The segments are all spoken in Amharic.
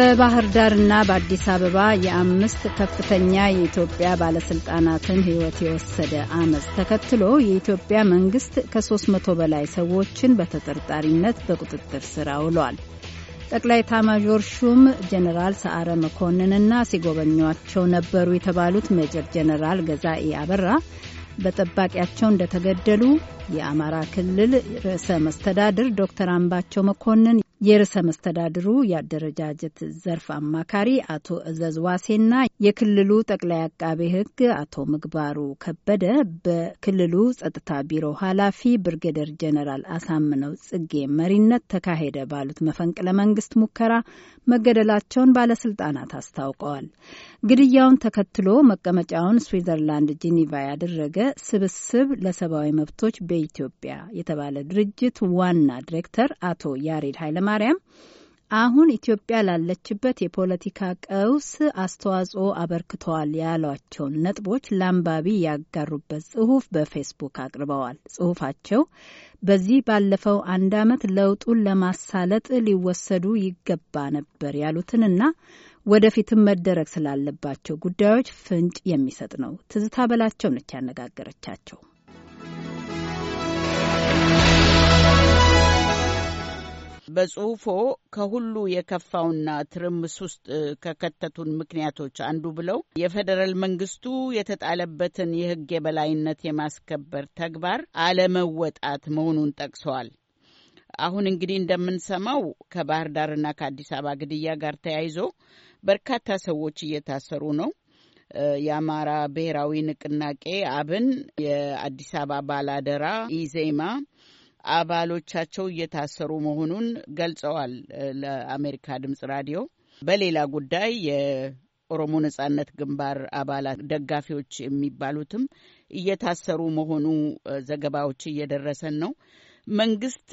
በባህር ዳርና በአዲስ አበባ የአምስት ከፍተኛ የኢትዮጵያ ባለስልጣናትን ሕይወት የወሰደ አመፅ ተከትሎ የኢትዮጵያ መንግስት ከ300 በላይ ሰዎችን በተጠርጣሪነት በቁጥጥር ስር አውሏል። ጠቅላይ ታማዦር ሹም ጀኔራል ሰዓረ መኮንንና ሲጎበኟቸው ነበሩ የተባሉት ሜጀር ጀኔራል ገዛኤ አበራ በጠባቂያቸው እንደተገደሉ የአማራ ክልል ርዕሰ መስተዳድር ዶክተር አምባቸው መኮንን የርዕሰ መስተዳድሩ የአደረጃጀት ዘርፍ አማካሪ አቶ እዘዝ ዋሴና የክልሉ ጠቅላይ አቃቤ ሕግ አቶ ምግባሩ ከበደ በክልሉ ጸጥታ ቢሮ ኃላፊ ብርጌደር ጀነራል አሳምነው ጽጌ መሪነት ተካሄደ ባሉት መፈንቅለ መንግስት ሙከራ መገደላቸውን ባለስልጣናት አስታውቀዋል። ግድያውን ተከትሎ መቀመጫውን ስዊዘርላንድ ጂኒቫ ያደረገ ስብስብ ለሰብአዊ መብቶች በኢትዮጵያ የተባለ ድርጅት ዋና ዲሬክተር አቶ ያሬድ ኃይለማርያም አሁን ኢትዮጵያ ላለችበት የፖለቲካ ቀውስ አስተዋጽኦ አበርክተዋል ያሏቸውን ነጥቦች ለአንባቢ ያጋሩበት ጽሁፍ በፌስቡክ አቅርበዋል። ጽሁፋቸው በዚህ ባለፈው አንድ ዓመት ለውጡን ለማሳለጥ ሊወሰዱ ይገባ ነበር ያሉትንና ወደፊትም መደረግ ስላለባቸው ጉዳዮች ፍንጭ የሚሰጥ ነው። ትዝታ በላቸው ነች ያነጋገረቻቸው። በጽሁፎ ከሁሉ የከፋውና ትርምስ ውስጥ ከከተቱን ምክንያቶች አንዱ ብለው የፌዴራል መንግስቱ የተጣለበትን የህግ የበላይነት የማስከበር ተግባር አለመወጣት መሆኑን ጠቅሰዋል። አሁን እንግዲህ እንደምንሰማው ከባህር ዳርና ከአዲስ አበባ ግድያ ጋር ተያይዞ በርካታ ሰዎች እየታሰሩ ነው። የአማራ ብሔራዊ ንቅናቄ አብን፣ የአዲስ አበባ ባላደራ፣ ኢዜማ አባሎቻቸው እየታሰሩ መሆኑን ገልጸዋል ለአሜሪካ ድምጽ ራዲዮ። በሌላ ጉዳይ የኦሮሞ ነጻነት ግንባር አባላት ደጋፊዎች የሚባሉትም እየታሰሩ መሆኑ ዘገባዎች እየደረሰን ነው። መንግስት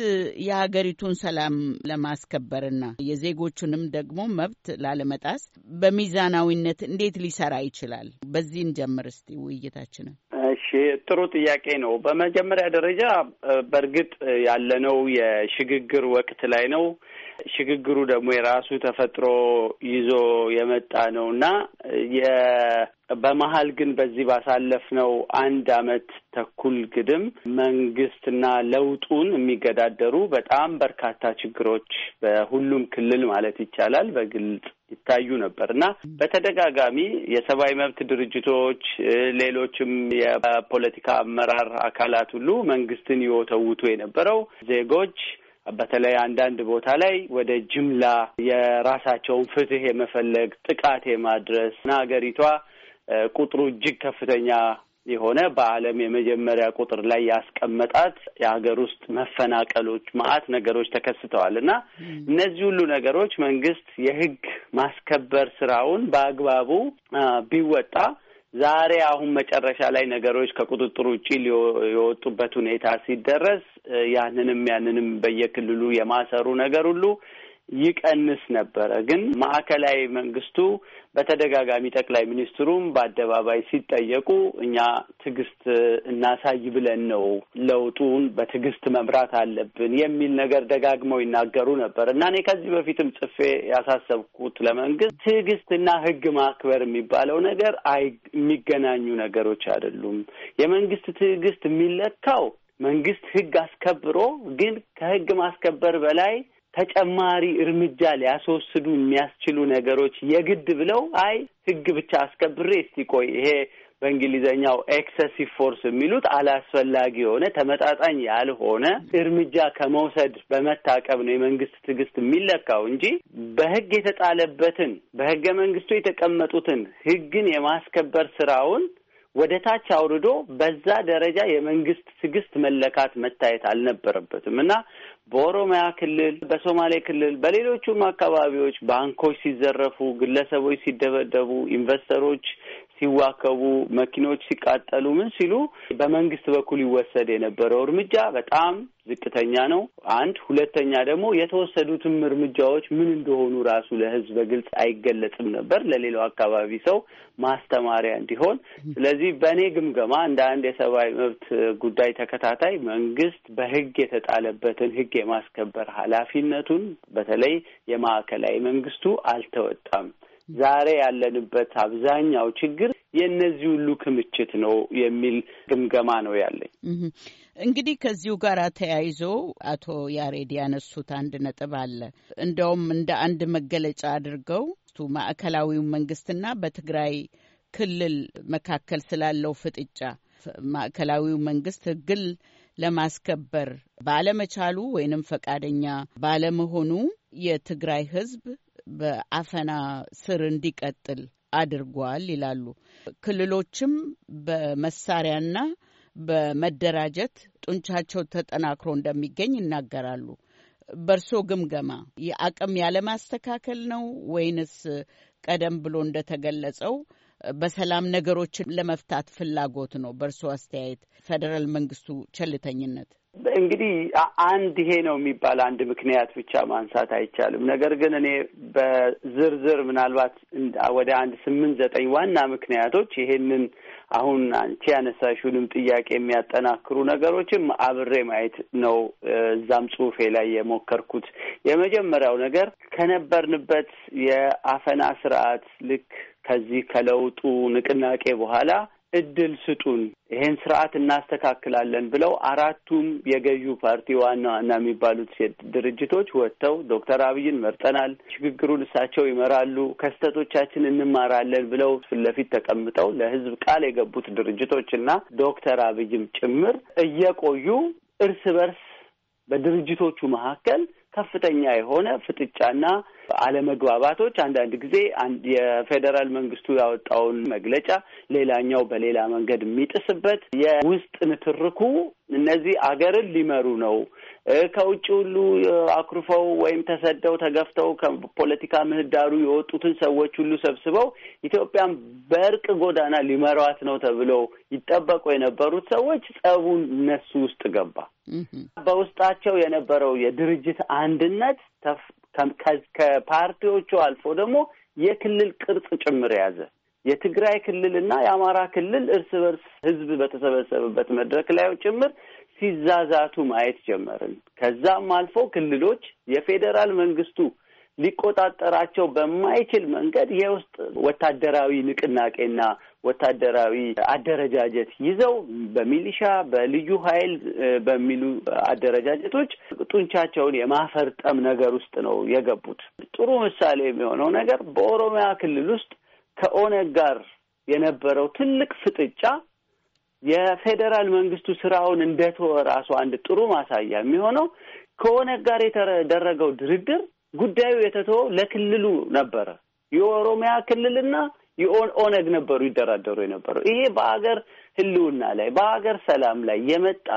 የሀገሪቱን ሰላም ለማስከበርና የዜጎቹንም ደግሞ መብት ላለመጣስ በሚዛናዊነት እንዴት ሊሰራ ይችላል? በዚህን ጀምር እስቲ ውይይታችንን እሺ ጥሩ ጥያቄ ነው። በመጀመሪያ ደረጃ በእርግጥ ያለነው የሽግግር ወቅት ላይ ነው። ሽግግሩ ደግሞ የራሱ ተፈጥሮ ይዞ የመጣ ነው እና በመሀል ግን በዚህ ባሳለፍነው አንድ አመት ተኩል ግድም መንግስትና ለውጡን የሚገዳደሩ በጣም በርካታ ችግሮች በሁሉም ክልል ማለት ይቻላል በግልጽ ይታዩ ነበር እና በተደጋጋሚ የሰብአዊ መብት ድርጅቶች ሌሎችም የፖለቲካ አመራር አካላት ሁሉ መንግስትን ይወተውቱ የነበረው ዜጎች በተለይ አንዳንድ ቦታ ላይ ወደ ጅምላ የራሳቸውን ፍትህ የመፈለግ ጥቃት የማድረስ እና ሀገሪቷ ቁጥሩ እጅግ ከፍተኛ የሆነ በዓለም የመጀመሪያ ቁጥር ላይ ያስቀመጣት የሀገር ውስጥ መፈናቀሎች ማአት ነገሮች ተከስተዋል እና እነዚህ ሁሉ ነገሮች መንግስት የህግ ማስከበር ስራውን በአግባቡ ቢወጣ ዛሬ አሁን መጨረሻ ላይ ነገሮች ከቁጥጥር ውጪ የወጡበት ሁኔታ ሲደረስ ያንንም ያንንም በየክልሉ የማሰሩ ነገር ሁሉ ይቀንስ ነበረ። ግን ማዕከላዊ መንግስቱ በተደጋጋሚ ጠቅላይ ሚኒስትሩም በአደባባይ ሲጠየቁ እኛ ትዕግስት እናሳይ ብለን ነው ለውጡን በትዕግስት መምራት አለብን የሚል ነገር ደጋግመው ይናገሩ ነበር እና እኔ ከዚህ በፊትም ጽፌ ያሳሰብኩት ለመንግስት ትዕግስትና ሕግ ማክበር የሚባለው ነገር አይ የሚገናኙ ነገሮች አይደሉም። የመንግስት ትዕግስት የሚለካው መንግስት ሕግ አስከብሮ ግን ከሕግ ማስከበር በላይ ተጨማሪ እርምጃ ሊያስወስዱ የሚያስችሉ ነገሮች የግድ ብለው አይ ህግ ብቻ አስከብሬ እስቲ ቆይ ይሄ በእንግሊዘኛው ኤክሰሲቭ ፎርስ የሚሉት አላስፈላጊ የሆነ ተመጣጣኝ ያልሆነ እርምጃ ከመውሰድ በመታቀብ ነው የመንግስት ትዕግስት የሚለካው እንጂ በህግ የተጣለበትን በህገ መንግስቱ የተቀመጡትን ህግን የማስከበር ስራውን ወደ ታች አውርዶ በዛ ደረጃ የመንግስት ትዕግስት መለካት መታየት አልነበረበትም እና በኦሮሚያ ክልል፣ በሶማሌ ክልል፣ በሌሎቹም አካባቢዎች ባንኮች ሲዘረፉ፣ ግለሰቦች ሲደበደቡ፣ ኢንቨስተሮች ሲዋከቡ፣ መኪኖች ሲቃጠሉ፣ ምን ሲሉ በመንግስት በኩል ይወሰድ የነበረው እርምጃ በጣም ዝቅተኛ ነው። አንድ ሁለተኛ ደግሞ የተወሰዱትም እርምጃዎች ምን እንደሆኑ ራሱ ለህዝብ በግልጽ አይገለጽም ነበር ለሌላው አካባቢ ሰው ማስተማሪያ እንዲሆን። ስለዚህ በእኔ ግምገማ እንደ አንድ የሰብአዊ መብት ጉዳይ ተከታታይ መንግስት በህግ የተጣለበትን ህግ የማስከበር ኃላፊነቱን በተለይ የማዕከላዊ መንግስቱ አልተወጣም። ዛሬ ያለንበት አብዛኛው ችግር የእነዚህ ሁሉ ክምችት ነው የሚል ግምገማ ነው ያለኝ። እንግዲህ ከዚሁ ጋር ተያይዞ አቶ ያሬድ ያነሱት አንድ ነጥብ አለ። እንደውም እንደ አንድ መገለጫ አድርገው ማዕከላዊው መንግስትና በትግራይ ክልል መካከል ስላለው ፍጥጫ ማዕከላዊው መንግስት ህግን ለማስከበር ባለመቻሉ ወይንም ፈቃደኛ ባለመሆኑ የትግራይ ህዝብ በአፈና ስር እንዲቀጥል አድርጓል ይላሉ። ክልሎችም በመሳሪያና በመደራጀት ጡንቻቸው ተጠናክሮ እንደሚገኝ ይናገራሉ። በእርሶ ግምገማ የአቅም ያለማስተካከል ነው ወይንስ ቀደም ብሎ እንደተገለጸው በሰላም ነገሮችን ለመፍታት ፍላጎት ነው? በእርሶ አስተያየት ፌዴራል መንግስቱ ቸልተኝነት እንግዲህ አንድ ይሄ ነው የሚባል አንድ ምክንያት ብቻ ማንሳት አይቻልም። ነገር ግን እኔ በዝርዝር ምናልባት ወደ አንድ ስምንት ዘጠኝ ዋና ምክንያቶች ይሄንን አሁን አንቺ ያነሳሽውንም ጥያቄ የሚያጠናክሩ ነገሮችም አብሬ ማየት ነው እዛም ጽሁፌ ላይ የሞከርኩት። የመጀመሪያው ነገር ከነበርንበት የአፈና ስርዓት ልክ ከዚህ ከለውጡ ንቅናቄ በኋላ እድል ስጡን፣ ይሄን ስርዓት እናስተካክላለን ብለው አራቱም የገዢ ፓርቲ ዋና ዋና የሚባሉት ሴት ድርጅቶች ወጥተው ዶክተር አብይን መርጠናል፣ ሽግግሩን እሳቸው ይመራሉ፣ ከስተቶቻችን እንማራለን ብለው ፊት ለፊት ተቀምጠው ለህዝብ ቃል የገቡት ድርጅቶች እና ዶክተር አብይም ጭምር እየቆዩ እርስ በርስ በድርጅቶቹ መካከል ከፍተኛ የሆነ ፍጥጫና አለመግባባቶች አንዳንድ ጊዜ የፌዴራል መንግስቱ ያወጣውን መግለጫ ሌላኛው በሌላ መንገድ የሚጥስበት የውስጥ ንትርኩ እነዚህ አገርን ሊመሩ ነው ከውጭ ሁሉ አኩርፈው ወይም ተሰደው ተገፍተው ከፖለቲካ ምህዳሩ የወጡትን ሰዎች ሁሉ ሰብስበው ኢትዮጵያን በእርቅ ጎዳና ሊመሯት ነው ተብለው ይጠበቁ የነበሩት ሰዎች ጸቡን እነሱ ውስጥ ገባ። በውስጣቸው የነበረው የድርጅት አንድነት ከፓርቲዎቹ አልፎ ደግሞ የክልል ቅርጽ ጭምር የያዘ የትግራይ ክልል እና የአማራ ክልል እርስ በርስ ህዝብ በተሰበሰበበት መድረክ ላይ ጭምር ሲዛዛቱ ማየት ጀመርን። ከዛም አልፎ ክልሎች የፌዴራል መንግስቱ ሊቆጣጠራቸው በማይችል መንገድ የውስጥ ወታደራዊ ንቅናቄና ወታደራዊ አደረጃጀት ይዘው በሚሊሻ በልዩ ኃይል በሚሉ አደረጃጀቶች ጡንቻቸውን የማፈርጠም ነገር ውስጥ ነው የገቡት። ጥሩ ምሳሌ የሚሆነው ነገር በኦሮሚያ ክልል ውስጥ ከኦነግ ጋር የነበረው ትልቅ ፍጥጫ የፌዴራል መንግስቱ ስራውን እንደተወ ራሱ አንድ ጥሩ ማሳያ የሚሆነው ከኦነግ ጋር የተደረገው ድርድር ጉዳዩ የተተወው ለክልሉ ነበረ። የኦሮሚያ ክልልና የኦነግ ነበሩ ይደራደሩ የነበረው። ይሄ በሀገር ህልውና ላይ በሀገር ሰላም ላይ የመጣ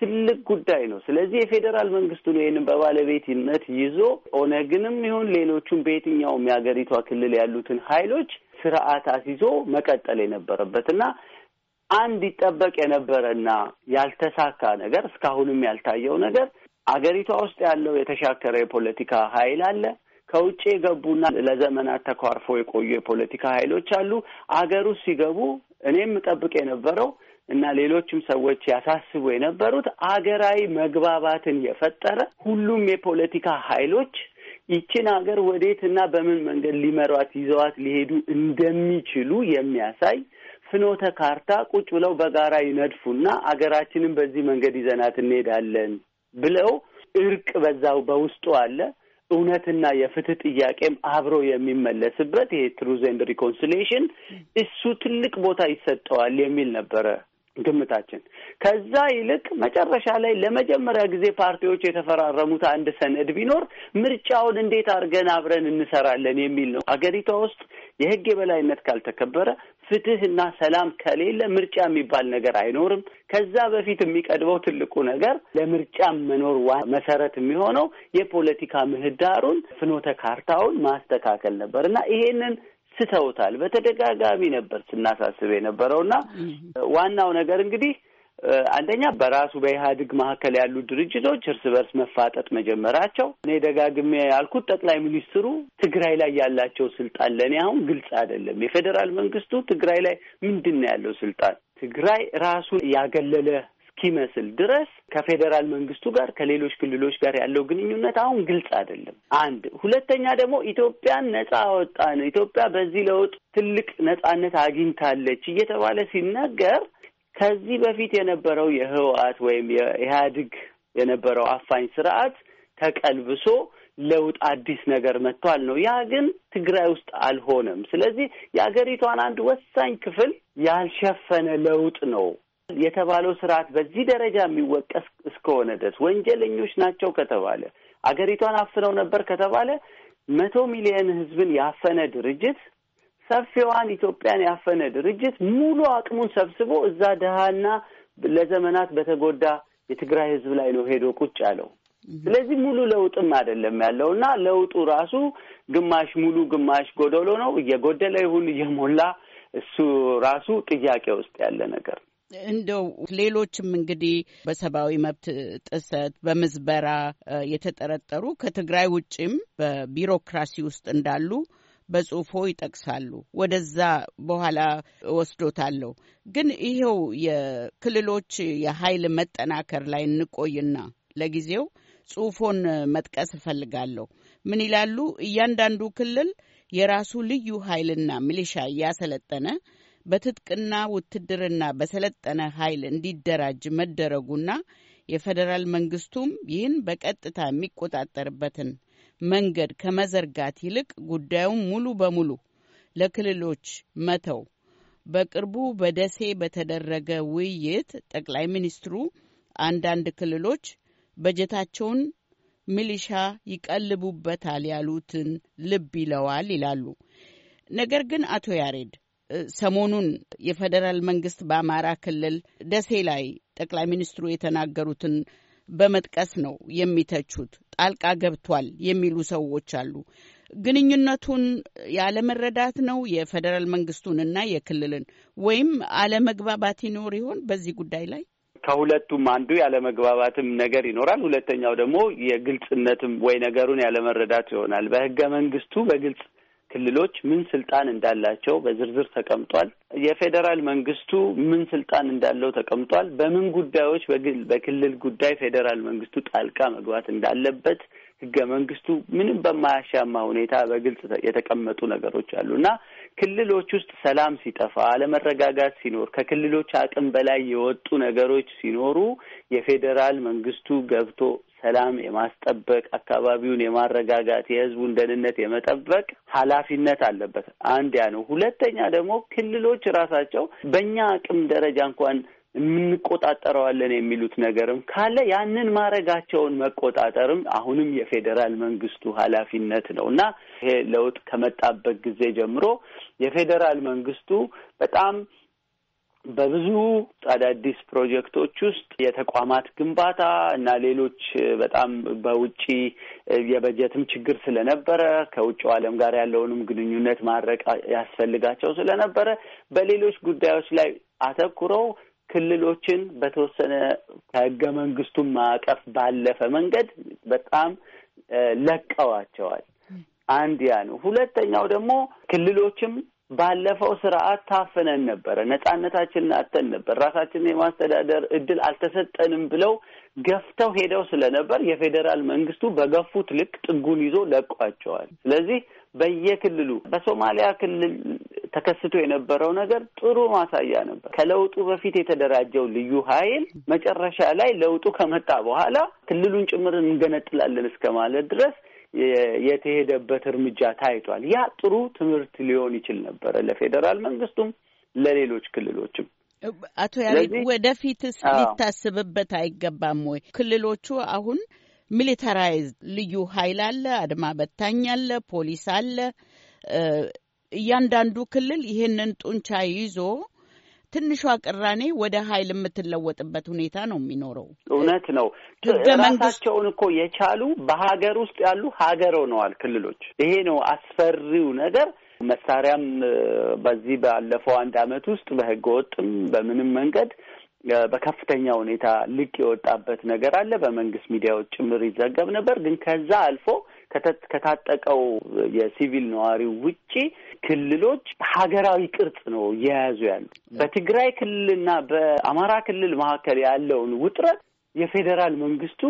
ትልቅ ጉዳይ ነው። ስለዚህ የፌዴራል መንግስቱ ነው ይህንን በባለቤትነት ይዞ ኦነግንም ይሁን ሌሎቹም በየትኛውም የሀገሪቷ ክልል ያሉትን ሀይሎች ስርዓት አስይዞ መቀጠል የነበረበት እና አንድ ይጠበቅ የነበረና ያልተሳካ ነገር እስካሁንም ያልታየው ነገር አገሪቷ ውስጥ ያለው የተሻከረ የፖለቲካ ኃይል አለ። ከውጭ የገቡና ለዘመናት ተኳርፎ የቆዩ የፖለቲካ ኃይሎች አሉ። አገር ውስጥ ሲገቡ እኔም ጠብቅ የነበረው እና ሌሎችም ሰዎች ያሳስቡ የነበሩት አገራዊ መግባባትን የፈጠረ ሁሉም የፖለቲካ ኃይሎች ይችን ሀገር ወዴት እና በምን መንገድ ሊመሯት ይዘዋት ሊሄዱ እንደሚችሉ የሚያሳይ ፍኖተ ካርታ ቁጭ ብለው በጋራ ይነድፉና አገራችንን በዚህ መንገድ ይዘናት እንሄዳለን ብለው እርቅ በዛው በውስጡ አለ። እውነትና የፍትህ ጥያቄም አብሮ የሚመለስበት ይሄ ትሩዝ ኤንድ እሱ ትልቅ ቦታ ይሰጠዋል የሚል ነበረ ግምታችን። ከዛ ይልቅ መጨረሻ ላይ ለመጀመሪያ ጊዜ ፓርቲዎች የተፈራረሙት አንድ ሰነድ ቢኖር ምርጫውን እንዴት አድርገን አብረን እንሰራለን የሚል ነው። አገሪቷ ውስጥ የህግ የበላይነት ካልተከበረ፣ ፍትህና ሰላም ከሌለ ምርጫ የሚባል ነገር አይኖርም። ከዛ በፊት የሚቀድበው ትልቁ ነገር ለምርጫ መኖር መሰረት የሚሆነው የፖለቲካ ምህዳሩን ፍኖተ ካርታውን ማስተካከል ነበር እና ይሄንን ስተውታል። በተደጋጋሚ ነበር ስናሳስብ የነበረውና ዋናው ነገር እንግዲህ አንደኛ በራሱ በኢህአዴግ መካከል ያሉ ድርጅቶች እርስ በርስ መፋጠጥ መጀመራቸው። እኔ ደጋግሜ ያልኩት ጠቅላይ ሚኒስትሩ ትግራይ ላይ ያላቸው ስልጣን ለእኔ አሁን ግልጽ አይደለም። የፌዴራል መንግስቱ ትግራይ ላይ ምንድን ነው ያለው ስልጣን? ትግራይ ራሱን ያገለለ እስኪመስል ድረስ ከፌዴራል መንግስቱ ጋር ከሌሎች ክልሎች ጋር ያለው ግንኙነት አሁን ግልጽ አይደለም። አንድ ሁለተኛ ደግሞ ኢትዮጵያን ነጻ አወጣን፣ ኢትዮጵያ በዚህ ለውጥ ትልቅ ነጻነት አግኝታለች እየተባለ ሲነገር ከዚህ በፊት የነበረው የህወሓት ወይም የኢህአዴግ የነበረው አፋኝ ስርዓት ተቀልብሶ ለውጥ አዲስ ነገር መጥቷል ነው። ያ ግን ትግራይ ውስጥ አልሆነም። ስለዚህ የአገሪቷን አንድ ወሳኝ ክፍል ያልሸፈነ ለውጥ ነው የተባለው ስርዓት በዚህ ደረጃ የሚወቀስ እስከሆነ ድረስ ወንጀለኞች ናቸው ከተባለ አገሪቷን አፍነው ነበር ከተባለ መቶ ሚሊየን ህዝብን ያፈነ ድርጅት ሰፊዋን ኢትዮጵያን ያፈነ ድርጅት ሙሉ አቅሙን ሰብስቦ እዛ ድሃና ለዘመናት በተጎዳ የትግራይ ህዝብ ላይ ነው ሄዶ ቁጭ ያለው። ስለዚህ ሙሉ ለውጥም አይደለም ያለው እና ለውጡ ራሱ ግማሽ ሙሉ ግማሽ ጎደሎ ነው። እየጎደለ ይሁን እየሞላ እሱ ራሱ ጥያቄ ውስጥ ያለ ነገር እንደው ሌሎችም እንግዲህ በሰብአዊ መብት ጥሰት በምዝበራ የተጠረጠሩ ከትግራይ ውጭም በቢሮክራሲ ውስጥ እንዳሉ በጽሁፎ ይጠቅሳሉ። ወደዛ በኋላ ወስዶታለሁ። ግን ይሄው የክልሎች የኃይል መጠናከር ላይ እንቆይና ለጊዜው ጽሁፎን መጥቀስ እፈልጋለሁ። ምን ይላሉ? እያንዳንዱ ክልል የራሱ ልዩ ኃይልና ሚሊሻ እያሰለጠነ በትጥቅና ውትድርና በሰለጠነ ኃይል እንዲደራጅ መደረጉና የፌዴራል መንግስቱም ይህን በቀጥታ የሚቆጣጠርበትን መንገድ ከመዘርጋት ይልቅ ጉዳዩን ሙሉ በሙሉ ለክልሎች መተው። በቅርቡ በደሴ በተደረገ ውይይት ጠቅላይ ሚኒስትሩ አንዳንድ ክልሎች በጀታቸውን ሚሊሻ ይቀልቡበታል ያሉትን ልብ ይለዋል ይላሉ። ነገር ግን አቶ ያሬድ ሰሞኑን የፌዴራል መንግስት በአማራ ክልል ደሴ ላይ ጠቅላይ ሚኒስትሩ የተናገሩትን በመጥቀስ ነው የሚተቹት። ጣልቃ ገብቷል የሚሉ ሰዎች አሉ። ግንኙነቱን ያለመረዳት ነው የፌዴራል መንግስቱን እና የክልልን ወይም አለመግባባት ይኖር ይሆን በዚህ ጉዳይ ላይ? ከሁለቱም አንዱ ያለመግባባትም ነገር ይኖራል። ሁለተኛው ደግሞ የግልጽነትም ወይ ነገሩን ያለመረዳት ይሆናል። በህገ መንግስቱ በግልጽ ክልሎች ምን ስልጣን እንዳላቸው በዝርዝር ተቀምጧል። የፌዴራል መንግስቱ ምን ስልጣን እንዳለው ተቀምጧል። በምን ጉዳዮች በክልል ጉዳይ ፌዴራል መንግስቱ ጣልቃ መግባት እንዳለበት ህገ መንግስቱ ምንም በማያሻማ ሁኔታ በግልጽ የተቀመጡ ነገሮች አሉ እና ክልሎች ውስጥ ሰላም ሲጠፋ፣ አለመረጋጋት ሲኖር፣ ከክልሎች አቅም በላይ የወጡ ነገሮች ሲኖሩ የፌዴራል መንግስቱ ገብቶ ሰላም የማስጠበቅ አካባቢውን የማረጋጋት የህዝቡን ደህንነት የመጠበቅ ኃላፊነት አለበት። አንድ ያ ነው። ሁለተኛ ደግሞ ክልሎች ራሳቸው በእኛ አቅም ደረጃ እንኳን የምንቆጣጠረዋለን የሚሉት ነገርም ካለ ያንን ማድረጋቸውን መቆጣጠርም አሁንም የፌዴራል መንግስቱ ኃላፊነት ነው እና ይሄ ለውጥ ከመጣበት ጊዜ ጀምሮ የፌዴራል መንግስቱ በጣም በብዙ አዳዲስ ፕሮጀክቶች ውስጥ የተቋማት ግንባታ እና ሌሎች በጣም በውጪ የበጀትም ችግር ስለነበረ ከውጭው ዓለም ጋር ያለውንም ግንኙነት ማድረግ ያስፈልጋቸው ስለነበረ በሌሎች ጉዳዮች ላይ አተኩረው ክልሎችን በተወሰነ ከህገ መንግስቱ ማዕቀፍ ባለፈ መንገድ በጣም ለቀዋቸዋል። አንድ ያ ነው። ሁለተኛው ደግሞ ክልሎችም ባለፈው ስርዓት ታፍነን ነበረ፣ ነጻነታችንን አተን ነበር፣ ራሳችንን የማስተዳደር እድል አልተሰጠንም ብለው ገፍተው ሄደው ስለነበር የፌዴራል መንግስቱ በገፉት ልክ ጥጉን ይዞ ለቋቸዋል። ስለዚህ በየክልሉ በሶማሊያ ክልል ተከስቶ የነበረው ነገር ጥሩ ማሳያ ነበር። ከለውጡ በፊት የተደራጀው ልዩ ኃይል መጨረሻ ላይ ለውጡ ከመጣ በኋላ ክልሉን ጭምር እንገነጥላለን እስከ ማለት ድረስ የተሄደበት እርምጃ ታይቷል። ያ ጥሩ ትምህርት ሊሆን ይችል ነበረ ለፌዴራል መንግስቱም ለሌሎች ክልሎችም። አቶ ያሬድ ወደፊትስ ሊታስብበት አይገባም ወይ? ክልሎቹ አሁን ሚሊታራይዝ ልዩ ኃይል አለ፣ አድማ በታኝ አለ፣ ፖሊስ አለ። እያንዳንዱ ክልል ይህንን ጡንቻ ይዞ ትንሿ ቅራኔ ወደ ኃይል የምትለወጥበት ሁኔታ ነው የሚኖረው። እውነት ነው። ራሳቸውን እኮ የቻሉ በሀገር ውስጥ ያሉ ሀገር ሆነዋል ክልሎች። ይሄ ነው አስፈሪው ነገር። መሳሪያም በዚህ ባለፈው አንድ አመት ውስጥ በህገ ወጥም በምንም መንገድ በከፍተኛ ሁኔታ ልቅ የወጣበት ነገር አለ። በመንግስት ሚዲያዎች ጭምር ይዘገብ ነበር። ግን ከዛ አልፎ ከታጠቀው የሲቪል ነዋሪው ውጪ ክልሎች ሀገራዊ ቅርጽ ነው እየያዙ ያሉ። በትግራይ ክልልና በአማራ ክልል መካከል ያለውን ውጥረት የፌዴራል መንግስቱ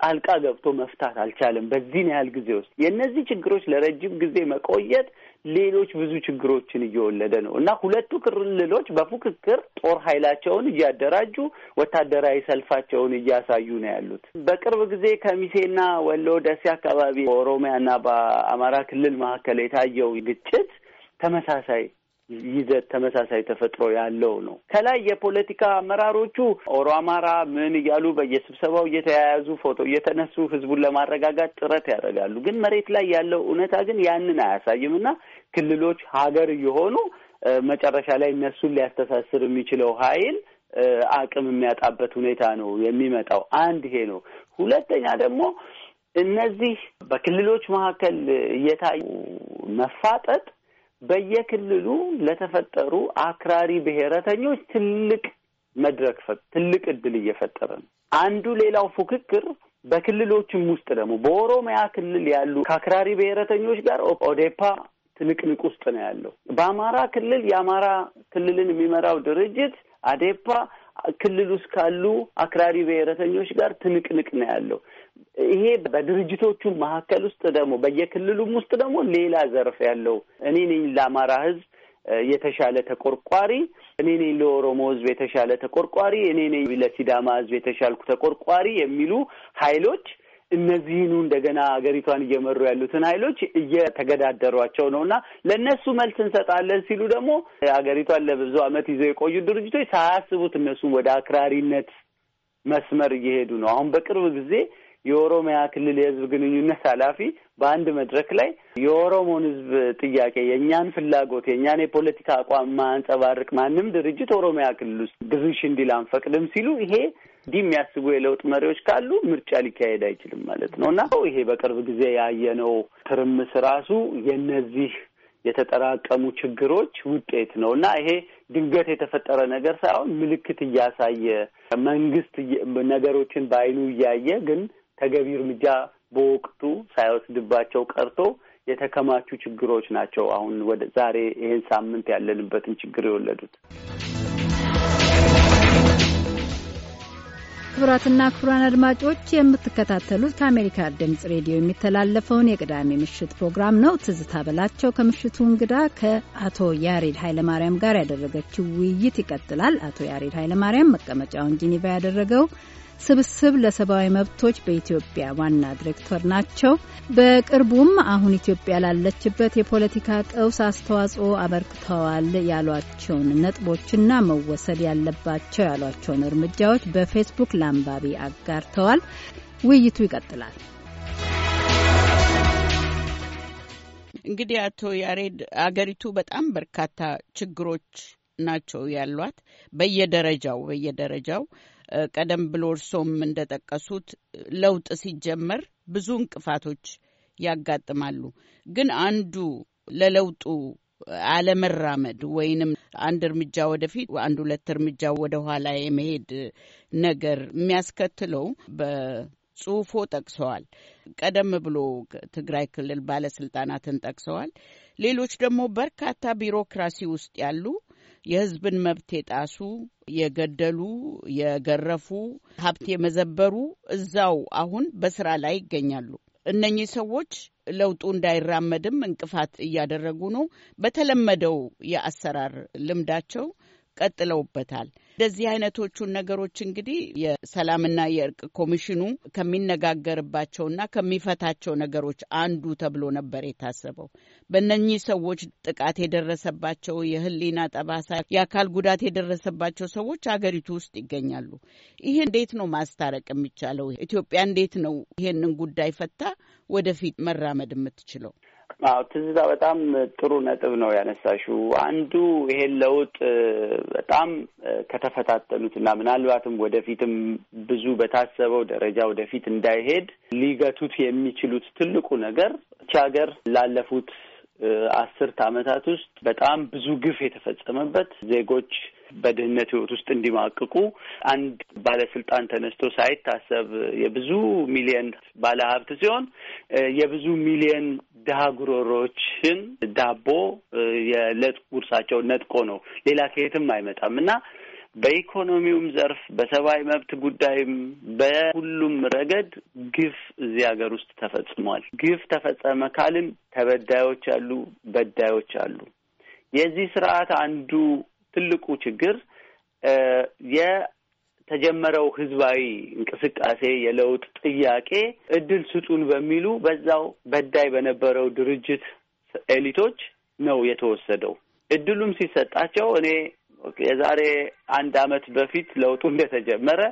ጣልቃ ገብቶ መፍታት አልቻለም። በዚህን ያህል ጊዜ ውስጥ የእነዚህ ችግሮች ለረጅም ጊዜ መቆየት ሌሎች ብዙ ችግሮችን እየወለደ ነው እና ሁለቱ ክልሎች በፉክክር ጦር ኃይላቸውን እያደራጁ ወታደራዊ ሰልፋቸውን እያሳዩ ነው ያሉት። በቅርብ ጊዜ ከሚሴና ወሎ፣ ደሴ አካባቢ በኦሮሚያና በአማራ ክልል መካከል የታየው ግጭት ተመሳሳይ ይዘት ተመሳሳይ ተፈጥሮ ያለው ነው። ከላይ የፖለቲካ አመራሮቹ ኦሮ አማራ ምን እያሉ በየስብሰባው እየተያያዙ ፎቶ እየተነሱ ህዝቡን ለማረጋጋት ጥረት ያደርጋሉ። ግን መሬት ላይ ያለው እውነታ ግን ያንን አያሳይም እና ክልሎች ሀገር እየሆኑ መጨረሻ ላይ እነሱን ሊያስተሳስር የሚችለው ኃይል አቅም የሚያጣበት ሁኔታ ነው የሚመጣው። አንድ ይሄ ነው። ሁለተኛ ደግሞ እነዚህ በክልሎች መካከል እየታዩ መፋጠጥ በየክልሉ ለተፈጠሩ አክራሪ ብሔረተኞች ትልቅ መድረክ ትልቅ እድል እየፈጠረ ነው። አንዱ ሌላው ፉክክር በክልሎችም ውስጥ ደግሞ በኦሮሚያ ክልል ያሉ ከአክራሪ ብሔረተኞች ጋር ኦዴፓ ትንቅንቅ ውስጥ ነው ያለው። በአማራ ክልል የአማራ ክልልን የሚመራው ድርጅት አዴፓ ክልል ውስጥ ካሉ አክራሪ ብሔረተኞች ጋር ትንቅንቅ ነው ያለው። ይሄ በድርጅቶቹ መካከል ውስጥ ደግሞ በየክልሉም ውስጥ ደግሞ ሌላ ዘርፍ ያለው እኔ ነኝ ለአማራ ህዝብ የተሻለ ተቆርቋሪ፣ እኔ ነኝ ለኦሮሞ ህዝብ የተሻለ ተቆርቋሪ፣ እኔ ነኝ ለሲዳማ ህዝብ የተሻልኩ ተቆርቋሪ የሚሉ ኃይሎች እነዚህኑ እንደገና ሀገሪቷን እየመሩ ያሉትን ኃይሎች እየተገዳደሯቸው ነው እና ለእነሱ መልስ እንሰጣለን ሲሉ ደግሞ ሀገሪቷን ለብዙ አመት ይዘው የቆዩ ድርጅቶች ሳያስቡት እነሱም ወደ አክራሪነት መስመር እየሄዱ ነው። አሁን በቅርብ ጊዜ የኦሮሚያ ክልል የህዝብ ግንኙነት ኃላፊ በአንድ መድረክ ላይ የኦሮሞን ህዝብ ጥያቄ፣ የእኛን ፍላጎት፣ የእኛን የፖለቲካ አቋም ማንጸባርቅ ማንም ድርጅት ኦሮሚያ ክልል ውስጥ ግዝሽ እንዲል አንፈቅድም ሲሉ ይሄ እንዲህ የሚያስቡ የለውጥ መሪዎች ካሉ ምርጫ ሊካሄድ አይችልም ማለት ነው እና ይሄ በቅርብ ጊዜ ያየነው ትርምስ ራሱ የነዚህ የተጠራቀሙ ችግሮች ውጤት ነው እና ይሄ ድንገት የተፈጠረ ነገር ሳይሆን ምልክት እያሳየ መንግስት ነገሮችን በአይኑ እያየ ግን ተገቢ እርምጃ በወቅቱ ሳይወስድባቸው ቀርቶ የተከማቹ ችግሮች ናቸው። አሁን ወደ ዛሬ ይህን ሳምንት ያለንበትን ችግር የወለዱት። ክቡራትና ክቡራን አድማጮች የምትከታተሉት ከአሜሪካ ድምጽ ሬዲዮ የሚተላለፈውን የቅዳሜ ምሽት ፕሮግራም ነው። ትዝታ በላቸው ከምሽቱ እንግዳ ከአቶ ያሬድ ኃይለማርያም ጋር ያደረገችው ውይይት ይቀጥላል። አቶ ያሬድ ኃይለማርያም መቀመጫውን ጂኒቫ ያደረገው ስብስብ ለሰብአዊ መብቶች በኢትዮጵያ ዋና ዲሬክተር ናቸው። በቅርቡም አሁን ኢትዮጵያ ላለችበት የፖለቲካ ቀውስ አስተዋጽኦ አበርክተዋል ያሏቸውን ነጥቦችና መወሰድ ያለባቸው ያሏቸውን እርምጃዎች በፌስቡክ ለአንባቢ አጋርተዋል። ውይይቱ ይቀጥላል። እንግዲህ አቶ ያሬድ አገሪቱ በጣም በርካታ ችግሮች ናቸው ያሏት በየደረጃው በየደረጃው ቀደም ብሎ እርሶም እንደጠቀሱት ለውጥ ሲጀመር ብዙ እንቅፋቶች ያጋጥማሉ። ግን አንዱ ለለውጡ አለመራመድ ወይንም አንድ እርምጃ ወደፊት አንድ ሁለት እርምጃ ወደ ኋላ የመሄድ ነገር የሚያስከትለው በጽሁፎ ጠቅሰዋል። ቀደም ብሎ ትግራይ ክልል ባለስልጣናትን ጠቅሰዋል። ሌሎች ደግሞ በርካታ ቢሮክራሲ ውስጥ ያሉ የህዝብን መብት የጣሱ የገደሉ፣ የገረፉ፣ ሀብት የመዘበሩ እዛው አሁን በስራ ላይ ይገኛሉ። እነኚህ ሰዎች ለውጡ እንዳይራመድም እንቅፋት እያደረጉ ነው። በተለመደው የአሰራር ልምዳቸው ቀጥለውበታል። እንደዚህ አይነቶቹን ነገሮች እንግዲህ የሰላምና የእርቅ ኮሚሽኑ ከሚነጋገርባቸውና ከሚፈታቸው ነገሮች አንዱ ተብሎ ነበር የታሰበው። በእነኚህ ሰዎች ጥቃት የደረሰባቸው የህሊና ጠባሳ፣ የአካል ጉዳት የደረሰባቸው ሰዎች አገሪቱ ውስጥ ይገኛሉ። ይህ እንዴት ነው ማስታረቅ የሚቻለው? ኢትዮጵያ እንዴት ነው ይህንን ጉዳይ ፈታ ወደፊት መራመድ የምትችለው? አዎ ትዝታ በጣም ጥሩ ነጥብ ነው ያነሳሽው። አንዱ ይሄን ለውጥ በጣም ከተፈታተኑት እና ምናልባትም ወደፊትም ብዙ በታሰበው ደረጃ ወደፊት እንዳይሄድ ሊገቱት የሚችሉት ትልቁ ነገር እቺ ሀገር ላለፉት አስርት ዓመታት ውስጥ በጣም ብዙ ግፍ የተፈጸመበት ዜጎች በድህነት ህይወት ውስጥ እንዲማቅቁ አንድ ባለስልጣን ተነስቶ ሳይታሰብ የብዙ ሚሊየን ባለሀብት ሲሆን የብዙ ሚሊየን ድሀ ጉሮሮችን ዳቦ የዕለት ጉርሳቸውን ነጥቆ ነው። ሌላ ከየትም አይመጣም እና በኢኮኖሚውም ዘርፍ በሰብአዊ መብት ጉዳይም በሁሉም ረገድ ግፍ እዚህ ሀገር ውስጥ ተፈጽሟል። ግፍ ተፈጸመ ካልን ተበዳዮች አሉ፣ በዳዮች አሉ። የዚህ ስርዓት አንዱ ትልቁ ችግር የተጀመረው ህዝባዊ እንቅስቃሴ የለውጥ ጥያቄ እድል ስጡን በሚሉ በዛው በዳይ በነበረው ድርጅት ኤሊቶች ነው የተወሰደው። እድሉም ሲሰጣቸው እኔ የዛሬ አንድ አመት በፊት ለውጡ እንደተጀመረ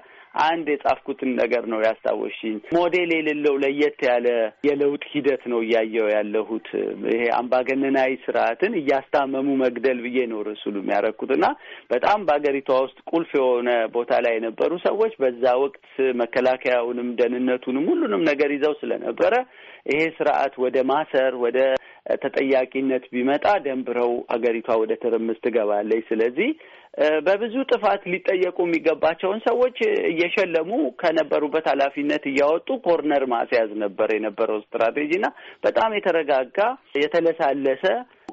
አንድ የጻፍኩትን ነገር ነው ያስታወሽኝ። ሞዴል የሌለው ለየት ያለ የለውጥ ሂደት ነው እያየው ያለሁት። ይሄ አምባገነናዊ ስርዓትን እያስታመሙ መግደል ብዬ ነው ርሱሉ የሚያረኩት እና በጣም በሀገሪቷ ውስጥ ቁልፍ የሆነ ቦታ ላይ የነበሩ ሰዎች በዛ ወቅት መከላከያውንም፣ ደህንነቱንም ሁሉንም ነገር ይዘው ስለነበረ ይሄ ስርዓት ወደ ማሰር ወደ ተጠያቂነት ቢመጣ ደንብረው ሀገሪቷ ወደ ትርምስ ትገባለች። ስለዚህ በብዙ ጥፋት ሊጠየቁ የሚገባቸውን ሰዎች እየሸለሙ ከነበሩበት ኃላፊነት እያወጡ ኮርነር ማስያዝ ነበር የነበረው ስትራቴጂ እና በጣም የተረጋጋ የተለሳለሰ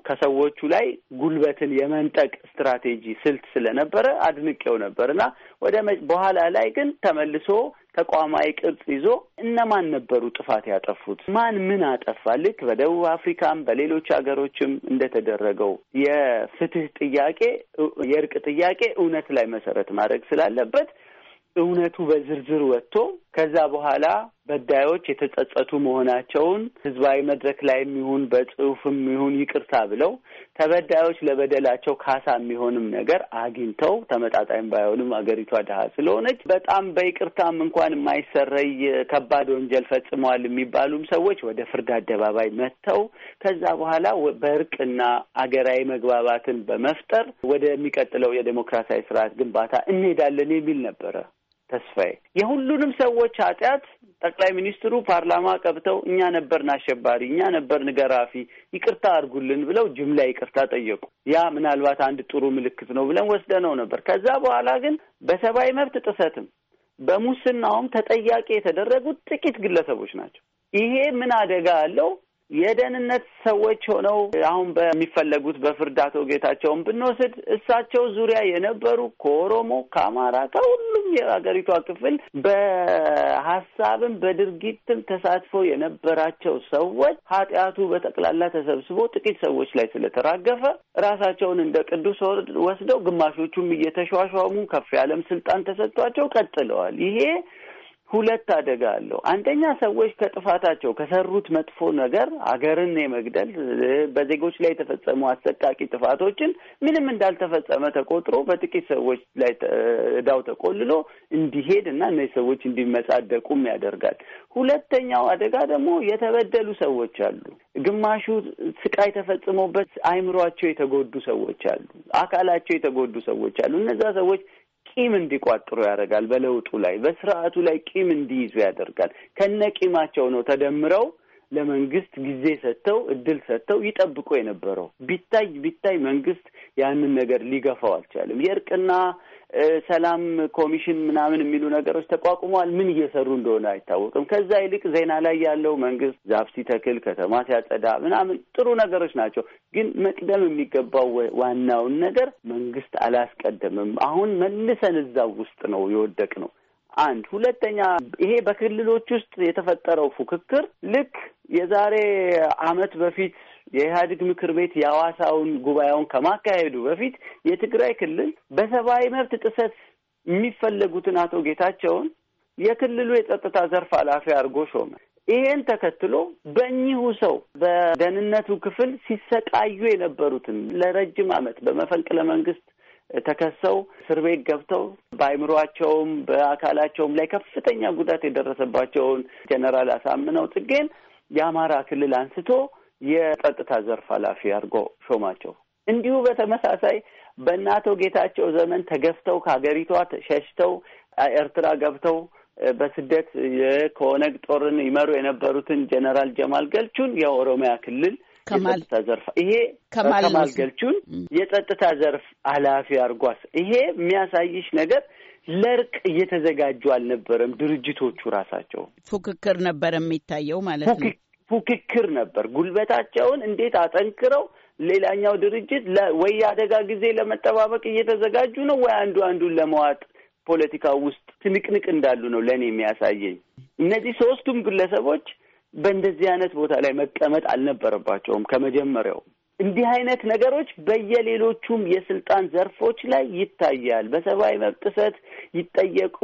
ከሰዎቹ ላይ ጉልበትን የመንጠቅ ስትራቴጂ ስልት ስለነበረ አድንቄው ነበር እና ወደ በኋላ ላይ ግን ተመልሶ ተቋማዊ ቅርጽ ይዞ እነማን ነበሩ ጥፋት ያጠፉት? ማን ምን አጠፋ? ልክ በደቡብ አፍሪካም በሌሎች ሀገሮችም እንደተደረገው የፍትህ ጥያቄ የእርቅ ጥያቄ እውነት ላይ መሰረት ማድረግ ስላለበት እውነቱ በዝርዝር ወጥቶ ከዛ በኋላ በዳዮች የተጸጸቱ መሆናቸውን ህዝባዊ መድረክ ላይ የሚሆን በጽሁፍም ይሁን ይቅርታ ብለው ተበዳዮች ለበደላቸው ካሳ የሚሆንም ነገር አግኝተው ተመጣጣኝ ባይሆንም አገሪቷ ድሀ ስለሆነች በጣም በይቅርታም እንኳን የማይሰረይ ከባድ ወንጀል ፈጽመዋል የሚባሉም ሰዎች ወደ ፍርድ አደባባይ መጥተው ከዛ በኋላ በእርቅና አገራዊ መግባባትን በመፍጠር ወደሚቀጥለው የዴሞክራሲያዊ ስርዓት ግንባታ እንሄዳለን የሚል ነበረ። ተስፋዬ የሁሉንም ሰዎች ኃጢአት ጠቅላይ ሚኒስትሩ ፓርላማ ቀብተው እኛ ነበርን አሸባሪ፣ እኛ ነበርን ገራፊ፣ ይቅርታ አድርጉልን ብለው ጅምላ ይቅርታ ጠየቁ። ያ ምናልባት አንድ ጥሩ ምልክት ነው ብለን ወስደነው ነበር። ከዛ በኋላ ግን በሰብአዊ መብት ጥሰትም በሙስናውም ተጠያቂ የተደረጉት ጥቂት ግለሰቦች ናቸው። ይሄ ምን አደጋ አለው? የደህንነት ሰዎች ሆነው አሁን በሚፈለጉት በፍርድ አቶ ጌታቸውን ብንወስድ እሳቸው ዙሪያ የነበሩ ከኦሮሞ፣ ከአማራ፣ ከሁሉም የሀገሪቷ ክፍል በሀሳብም በድርጊትም ተሳትፎ የነበራቸው ሰዎች ኃጢአቱ በጠቅላላ ተሰብስቦ ጥቂት ሰዎች ላይ ስለተራገፈ ራሳቸውን እንደ ቅዱስ ወስደው ግማሾቹም እየተሿሿሙ ከፍ ያለም ስልጣን ተሰጥቷቸው ቀጥለዋል። ይሄ ሁለት አደጋ አለው። አንደኛ ሰዎች ከጥፋታቸው ከሰሩት መጥፎ ነገር አገርን የመግደል በዜጎች ላይ የተፈጸሙ አሰቃቂ ጥፋቶችን ምንም እንዳልተፈጸመ ተቆጥሮ በጥቂት ሰዎች ላይ እዳው ተቆልሎ እንዲሄድ እና እነዚህ ሰዎች እንዲመጻደቁም ያደርጋል። ሁለተኛው አደጋ ደግሞ የተበደሉ ሰዎች አሉ። ግማሹ ስቃይ ተፈጽሞበት አይምሯቸው የተጎዱ ሰዎች አሉ። አካላቸው የተጎዱ ሰዎች አሉ። እነዛ ሰዎች ቂም እንዲቋጥሩ ያደርጋል። በለውጡ ላይ በስርዓቱ ላይ ቂም እንዲይዙ ያደርጋል። ከነ ቂማቸው ነው ተደምረው ለመንግስት ጊዜ ሰጥተው እድል ሰጥተው ይጠብቁ የነበረው። ቢታይ ቢታይ መንግስት ያንን ነገር ሊገፋው አልቻለም። የእርቅና ሰላም ኮሚሽን ምናምን የሚሉ ነገሮች ተቋቁመዋል። ምን እየሰሩ እንደሆነ አይታወቅም። ከዛ ይልቅ ዜና ላይ ያለው መንግስት ዛፍ ሲተክል፣ ከተማ ሲያጸዳ ምናምን ጥሩ ነገሮች ናቸው። ግን መቅደም የሚገባው ዋናውን ነገር መንግስት አላስቀደምም። አሁን መልሰን እዛው ውስጥ ነው የወደቅ ነው። አንድ ሁለተኛ፣ ይሄ በክልሎች ውስጥ የተፈጠረው ፉክክር ልክ የዛሬ አመት በፊት የኢህአዴግ ምክር ቤት የአዋሳውን ጉባኤውን ከማካሄዱ በፊት የትግራይ ክልል በሰብአዊ መብት ጥሰት የሚፈለጉትን አቶ ጌታቸውን የክልሉ የጸጥታ ዘርፍ ኃላፊ አድርጎ ሾመ። ይሄን ተከትሎ በእኚሁ ሰው በደህንነቱ ክፍል ሲሰቃዩ የነበሩትን ለረጅም ዓመት በመፈንቅለ መንግስት ተከሰው እስር ቤት ገብተው በአይምሯቸውም በአካላቸውም ላይ ከፍተኛ ጉዳት የደረሰባቸውን ጀነራል አሳምነው ጽጌን የአማራ ክልል አንስቶ የጸጥታ ዘርፍ ኃላፊ አድርጎ ሾማቸው። እንዲሁ በተመሳሳይ በእነ አቶ ጌታቸው ዘመን ተገፍተው ከሀገሪቷ ሸሽተው ኤርትራ ገብተው በስደት ከኦነግ ጦርን ይመሩ የነበሩትን ጀነራል ጀማል ገልቹን የኦሮሚያ ክልል የጸጥታ ዘርፍ ይሄ ከማል ገልቹን የጸጥታ ዘርፍ ኃላፊ አድርጓስ ይሄ የሚያሳይሽ ነገር ለእርቅ እየተዘጋጁ አልነበረም። ድርጅቶቹ ራሳቸው ፉክክር ነበር የሚታየው ማለት ነው። ፉክክር ነበር። ጉልበታቸውን እንዴት አጠንክረው ሌላኛው ድርጅት ወይ የአደጋ ጊዜ ለመጠባበቅ እየተዘጋጁ ነው ወይ አንዱ አንዱን ለመዋጥ ፖለቲካ ውስጥ ትንቅንቅ እንዳሉ ነው ለእኔ የሚያሳየኝ። እነዚህ ሶስቱም ግለሰቦች በእንደዚህ አይነት ቦታ ላይ መቀመጥ አልነበረባቸውም ከመጀመሪያው እንዲህ አይነት ነገሮች በየሌሎቹም የስልጣን ዘርፎች ላይ ይታያል። በሰብአዊ መብት ጥሰት ይጠየቁ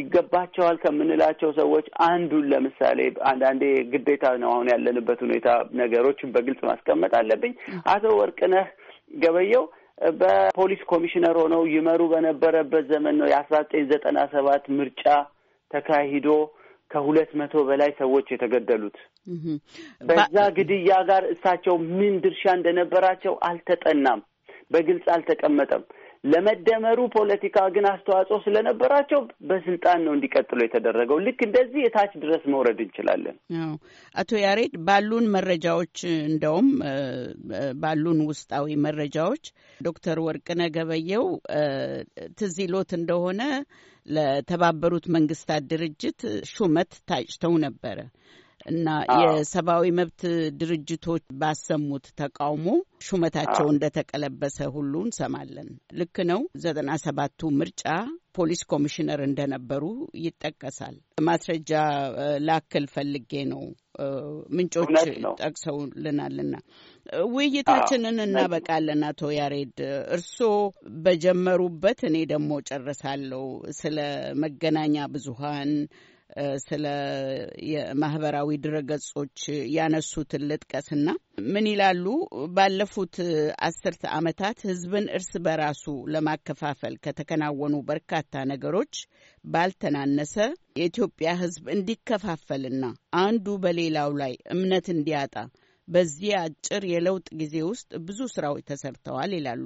ይገባቸዋል ከምንላቸው ሰዎች አንዱን ለምሳሌ አንዳንዴ ግዴታ ነው። አሁን ያለንበት ሁኔታ ነገሮችን በግልጽ ማስቀመጥ አለብኝ። አቶ ወርቅነህ ገበየው በፖሊስ ኮሚሽነር ሆነው ይመሩ በነበረበት ዘመን ነው የአስራ ዘጠኝ ዘጠና ሰባት ምርጫ ተካሂዶ ከሁለት መቶ በላይ ሰዎች የተገደሉት በዛ ግድያ ጋር እሳቸው ምን ድርሻ እንደነበራቸው አልተጠናም፣ በግልጽ አልተቀመጠም። ለመደመሩ ፖለቲካ ግን አስተዋጽኦ ስለነበራቸው በስልጣን ነው እንዲቀጥሉ የተደረገው። ልክ እንደዚህ የታች ድረስ መውረድ እንችላለን። አቶ ያሬድ ባሉን መረጃዎች እንደውም ባሉን ውስጣዊ መረጃዎች ዶክተር ወርቅነህ ገበየው ትዝ ይሎት እንደሆነ ለተባበሩት መንግስታት ድርጅት ሹመት ታጭተው ነበረ። እና የሰብአዊ መብት ድርጅቶች ባሰሙት ተቃውሞ ሹመታቸው እንደተቀለበሰ ሁሉ እንሰማለን። ልክ ነው። ዘጠና ሰባቱ ምርጫ ፖሊስ ኮሚሽነር እንደነበሩ ይጠቀሳል። ማስረጃ ላክል ፈልጌ ነው ምንጮች ጠቅሰውልናልና ውይይታችንን እናበቃለን። አቶ ያሬድ እርስዎ በጀመሩበት እኔ ደግሞ ጨርሳለሁ። ስለ መገናኛ ብዙሃን ስለ የማህበራዊ ድረገጾች ያነሱትን ልጥቀስና ምን ይላሉ? ባለፉት አስርተ ዓመታት ህዝብን እርስ በራሱ ለማከፋፈል ከተከናወኑ በርካታ ነገሮች ባልተናነሰ የኢትዮጵያ ህዝብ እንዲከፋፈልና አንዱ በሌላው ላይ እምነት እንዲያጣ በዚህ አጭር የለውጥ ጊዜ ውስጥ ብዙ ስራዎች ተሰርተዋል ይላሉ።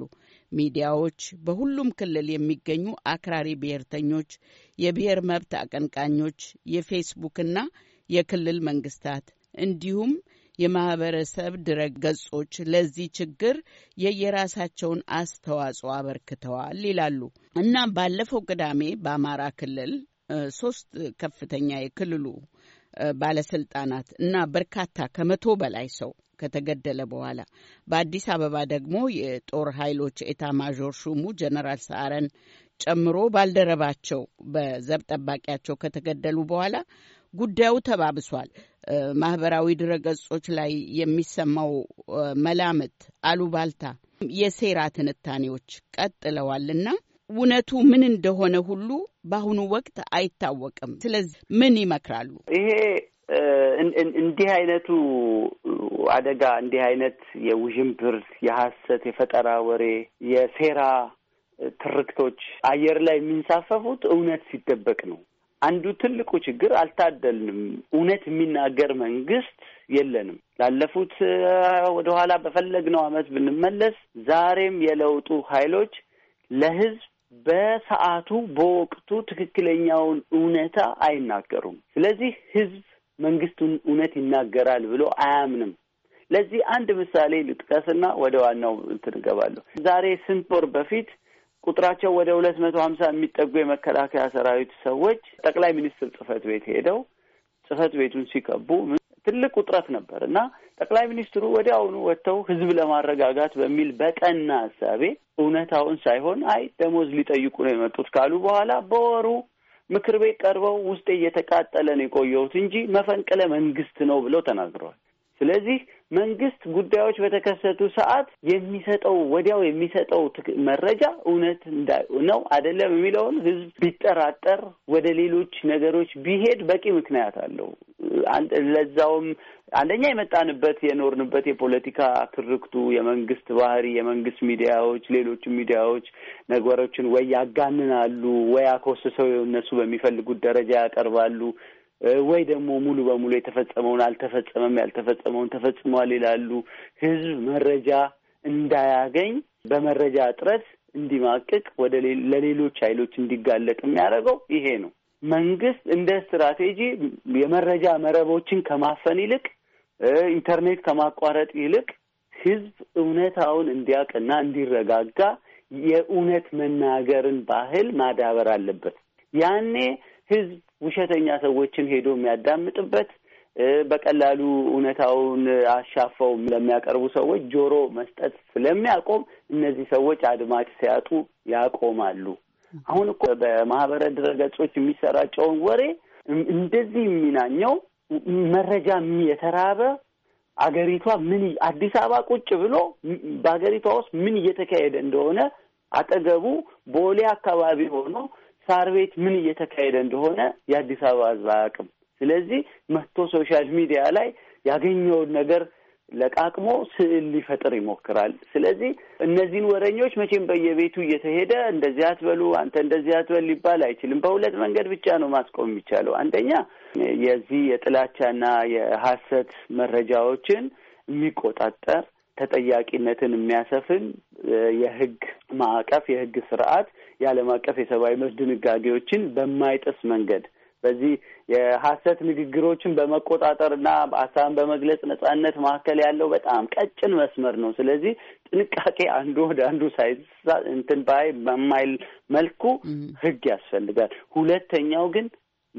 ሚዲያዎች፣ በሁሉም ክልል የሚገኙ አክራሪ ብሔርተኞች፣ የብሔር መብት አቀንቃኞች፣ የፌስቡክና የክልል መንግስታት እንዲሁም የማህበረሰብ ድረ ገጾች ለዚህ ችግር የየራሳቸውን አስተዋጽኦ አበርክተዋል ይላሉ እና ባለፈው ቅዳሜ በአማራ ክልል ሶስት ከፍተኛ የክልሉ ባለስልጣናት እና በርካታ ከመቶ በላይ ሰው ከተገደለ በኋላ በአዲስ አበባ ደግሞ የጦር ኃይሎች ኤታ ማዦር ሹሙ ጀነራል ሰዓረን ጨምሮ ባልደረባቸው በዘብ ጠባቂያቸው ከተገደሉ በኋላ ጉዳዩ ተባብሷል። ማህበራዊ ድረገጾች ላይ የሚሰማው መላምት፣ አሉባልታ፣ የሴራ ትንታኔዎች ቀጥለዋልና እውነቱ ምን እንደሆነ ሁሉ በአሁኑ ወቅት አይታወቅም። ስለዚህ ምን ይመክራሉ? ይሄ እንዲህ አይነቱ አደጋ እንዲህ አይነት የውዥንብር፣ የሐሰት፣ የፈጠራ ወሬ፣ የሴራ ትርክቶች አየር ላይ የሚንሳፈፉት እውነት ሲደበቅ ነው። አንዱ ትልቁ ችግር አልታደልንም። እውነት የሚናገር መንግስት የለንም። ላለፉት ወደኋላ በፈለግነው ዓመት ብንመለስ ዛሬም የለውጡ ኃይሎች ለህዝብ በሰዓቱ በወቅቱ ትክክለኛውን እውነታ አይናገሩም። ስለዚህ ህዝብ መንግስቱን እውነት ይናገራል ብሎ አያምንም። ለዚህ አንድ ምሳሌ ልጥቀስና ወደ ዋናው እንትን እገባለሁ። ዛሬ ስንት ወር በፊት ቁጥራቸው ወደ ሁለት መቶ ሀምሳ የሚጠጉ የመከላከያ ሰራዊት ሰዎች ጠቅላይ ሚኒስትር ጽህፈት ቤት ሄደው ጽህፈት ቤቱን ሲከቡ ትልቅ ውጥረት ነበር እና ጠቅላይ ሚኒስትሩ ወዲያውኑ ወጥተው ህዝብ ለማረጋጋት በሚል በቀና ሀሳቤ እውነታውን ሳይሆን አይ ደሞዝ ሊጠይቁ ነው የመጡት ካሉ በኋላ በወሩ ምክር ቤት ቀርበው ውስጤ እየተቃጠለ ነው የቆየሁት እንጂ መፈንቅለ መንግስት ነው ብለው ተናግረዋል። ስለዚህ መንግስት ጉዳዮች በተከሰቱ ሰዓት የሚሰጠው ወዲያው የሚሰጠው መረጃ እውነት ነው አይደለም የሚለውን ህዝብ ቢጠራጠር ወደ ሌሎች ነገሮች ቢሄድ በቂ ምክንያት አለው። ለዛውም አንደኛ የመጣንበት የኖርንበት የፖለቲካ ክርክቱ የመንግስት ባህሪ፣ የመንግስት ሚዲያዎች፣ ሌሎች ሚዲያዎች ነገሮችን ወይ ያጋንናሉ ወይ አኮስሰው እነሱ በሚፈልጉት ደረጃ ያቀርባሉ ወይ ደግሞ ሙሉ በሙሉ የተፈጸመውን አልተፈጸመም፣ ያልተፈጸመውን ተፈጽሟል ይላሉ። ህዝብ መረጃ እንዳያገኝ በመረጃ እጥረት እንዲማቅቅ ወደ ለሌሎች ኃይሎች እንዲጋለጥ የሚያደርገው ይሄ ነው። መንግስት እንደ ስትራቴጂ የመረጃ መረቦችን ከማፈን ይልቅ ኢንተርኔት ከማቋረጥ ይልቅ ህዝብ እውነታውን እንዲያውቅና እንዲረጋጋ የእውነት መናገርን ባህል ማዳበር አለበት። ያኔ ህዝብ ውሸተኛ ሰዎችን ሄዶ የሚያዳምጥበት በቀላሉ እውነታውን አሻፈው ለሚያቀርቡ ሰዎች ጆሮ መስጠት ስለሚያቆም እነዚህ ሰዎች አድማጭ ሲያጡ ያቆማሉ። አሁን እኮ በማህበረ ድረገጾች የሚሰራጨውን ወሬ እንደዚህ የሚናኘው መረጃ የተራበ አገሪቷ ምን አዲስ አበባ ቁጭ ብሎ በአገሪቷ ውስጥ ምን እየተካሄደ እንደሆነ አጠገቡ ቦሌ አካባቢ ሆኖ ሳር ቤት ምን እየተካሄደ እንደሆነ የአዲስ አበባ ህዝብ አያውቅም። ስለዚህ መጥቶ ሶሻል ሚዲያ ላይ ያገኘውን ነገር ለቃቅሞ ስዕል ሊፈጥር ይሞክራል። ስለዚህ እነዚህን ወረኞች መቼም በየቤቱ እየተሄደ እንደዚህ አትበሉ፣ አንተ እንደዚህ አትበል ሊባል አይችልም። በሁለት መንገድ ብቻ ነው ማስቆም የሚቻለው። አንደኛ የዚህ የጥላቻና የሀሰት መረጃዎችን የሚቆጣጠር ተጠያቂነትን የሚያሰፍን የህግ ማዕቀፍ የህግ ስርዓት የዓለም አቀፍ የሰብአዊ መብት ድንጋጌዎችን በማይጥስ መንገድ በዚህ የሀሰት ንግግሮችን በመቆጣጠር እና ሀሳብን በመግለጽ ነጻነት መካከል ያለው በጣም ቀጭን መስመር ነው። ስለዚህ ጥንቃቄ አንዱ ወደ አንዱ ሳይሳ እንትን ባይ በማይል መልኩ ህግ ያስፈልጋል። ሁለተኛው ግን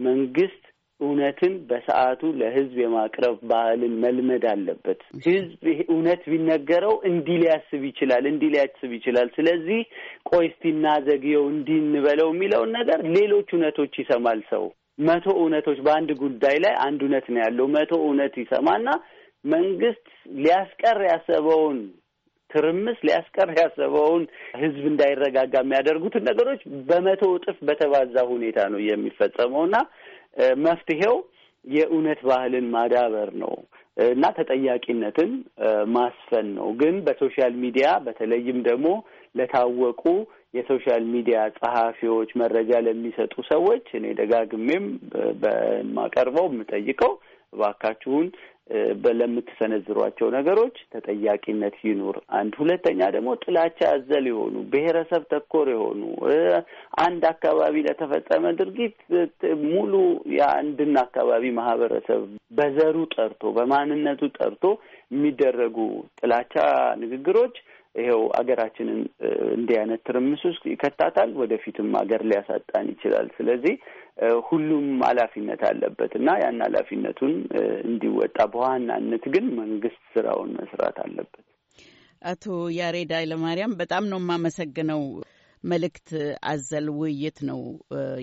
መንግስት እውነትን በሰዓቱ ለህዝብ የማቅረብ ባህልን መልመድ አለበት። ህዝብ እውነት ቢነገረው እንዲህ ሊያስብ ይችላል፣ እንዲህ ሊያስብ ይችላል። ስለዚህ ቆይ እስቲ እናዘግየው፣ እንዲህ እንበለው የሚለውን ነገር ሌሎች እውነቶች ይሰማል። ሰው መቶ እውነቶች በአንድ ጉዳይ ላይ አንድ እውነት ነው ያለው። መቶ እውነት ይሰማና መንግስት ሊያስቀር ያሰበውን ትርምስ ሊያስቀር ያሰበውን ህዝብ እንዳይረጋጋ የሚያደርጉትን ነገሮች በመቶ እጥፍ በተባዛ ሁኔታ ነው የሚፈጸመውና መፍትሄው የእውነት ባህልን ማዳበር ነው እና ተጠያቂነትን ማስፈን ነው። ግን በሶሻል ሚዲያ በተለይም ደግሞ ለታወቁ የሶሻል ሚዲያ ጸሐፊዎች፣ መረጃ ለሚሰጡ ሰዎች እኔ ደጋግሜም በማቀርበው የምጠይቀው እባካችሁን ለምትሰነዝሯቸው ነገሮች ተጠያቂነት ይኑር። አንድ ሁለተኛ ደግሞ ጥላቻ አዘል የሆኑ ብሔረሰብ ተኮር የሆኑ አንድ አካባቢ ለተፈጸመ ድርጊት ሙሉ የአንድን አካባቢ ማህበረሰብ በዘሩ ጠርቶ በማንነቱ ጠርቶ የሚደረጉ ጥላቻ ንግግሮች ይኸው አገራችንን እንዲህ አይነት ትርምስ ውስጥ ይከታታል። ወደፊትም አገር ሊያሳጣን ይችላል። ስለዚህ ሁሉም ኃላፊነት አለበት እና ያን ኃላፊነቱን እንዲወጣ በዋናነት ግን መንግስት ስራውን መስራት አለበት። አቶ ያሬድ ኃይለማርያም በጣም ነው የማመሰግነው። መልእክት አዘል ውይይት ነው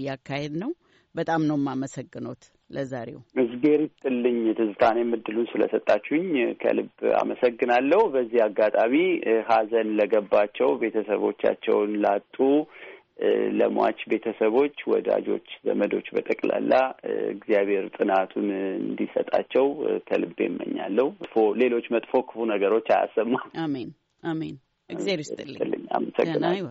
ያካሄድ ነው። በጣም ነው የማመሰግኖት። ለዛሬው እግዜር ይስጥልኝ። ትዝታኔም እድሉን ስለሰጣችሁኝ ከልብ አመሰግናለሁ። በዚህ አጋጣሚ ሀዘን ለገባቸው ቤተሰቦቻቸውን ላጡ ለሟች ቤተሰቦች፣ ወዳጆች፣ ዘመዶች በጠቅላላ እግዚአብሔር ጥናቱን እንዲሰጣቸው ከልቤ እመኛለሁ። መጥፎ ሌሎች መጥፎ ክፉ ነገሮች አያሰማም። አሜን አሜን። እግዚአብሔር ይስጥልኝ። አመሰግናለሁ።